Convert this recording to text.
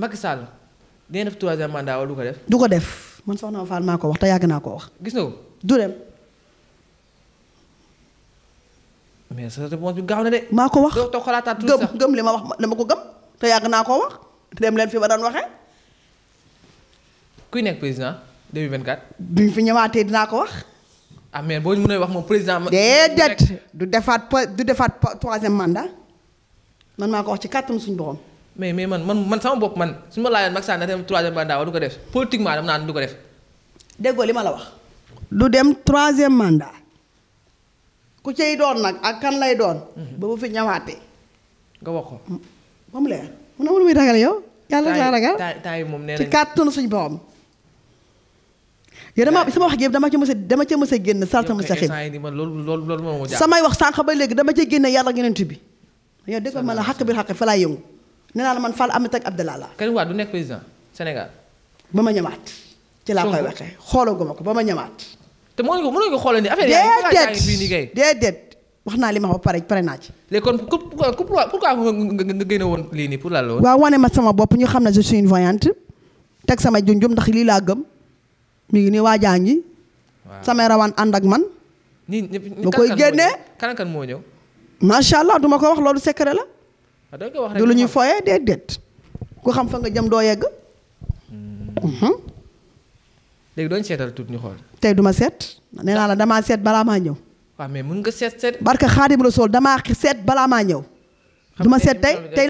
Macky Sall dina def troisième mandat wala du ko def. du ko def man soxna Fall maa ko wax te yàgg naa ko wax. gis nga du dem. mais sa réponse bi gaaw na de. maa ko wax gëm gëm li ma wax dama ko gëm te yàgg naa ko wax dem leen fi ma daan waxee. kuy nekk président vint bi duñ fi ñëwaatee dinaa ko wax. ah mais boo ñu wax moom président. déedéet du defaat du defaat troisième mandat man maa ko wax ci kàttan suñu borom. mais mais man man man sama bopp man su ma laajoon Macky Sall na dem troisième mandat wala du ko def politiquement dama naan du ko def. déggoo li ma la wax. du dem troisième mandat. ku cay doon nag ak kan lay doon. Mhm. ba bu fi ñëwaatee. nga wax ko. Mm. ba mu leer mu ne ma nu muy ragal yow. yàlla laa ragal taay moom nee nañu ci kàttanu suñu borom. yow dama sama wax gi dama ca mës a dama ca mës a génn sarta mustaqim samay wax sànq ba léegi dama ca génne yàlla ak bi yow dégg ma la xaq bi xàq fa laay yëngu. nee naa la man Fall Ameth ak Abdallah la. Karim Wade du nekk président Sénégal. ba ma ñëwaat. ci laa koy waxee xoolaguma ko ba ma ñëwaat. te mënoo ko mënoo ko xoolee affaire yi. déedéet wax naa li ma wax ba pare pare naa ci. léegi kon pourquoi pourquoi nga génne woon lii nii pour la woon. waaw wane ma sama bopp ñu xam ne je suis une voyante teg sama junjum ndax lii laa gëm mi ngi nii waa jaa ngi. samay rawaan ànd ak man. ni ma koy génnee kan kan moo ñëw. macha allah du ma ko wax loolu secret la. Ah, du lu ñuy foyee déedéet ku xam fa nga jëm doo yegg. Hmm. Mhm. léegi dooñu seetal tuuti ñu xool. tey du ma seet nee naa la damaa seet balaa maa ñëw. waaw mais mën nga seet seet. barke Xaadim Rasul damaa seet balaa maa ñëw. du seet tey tey.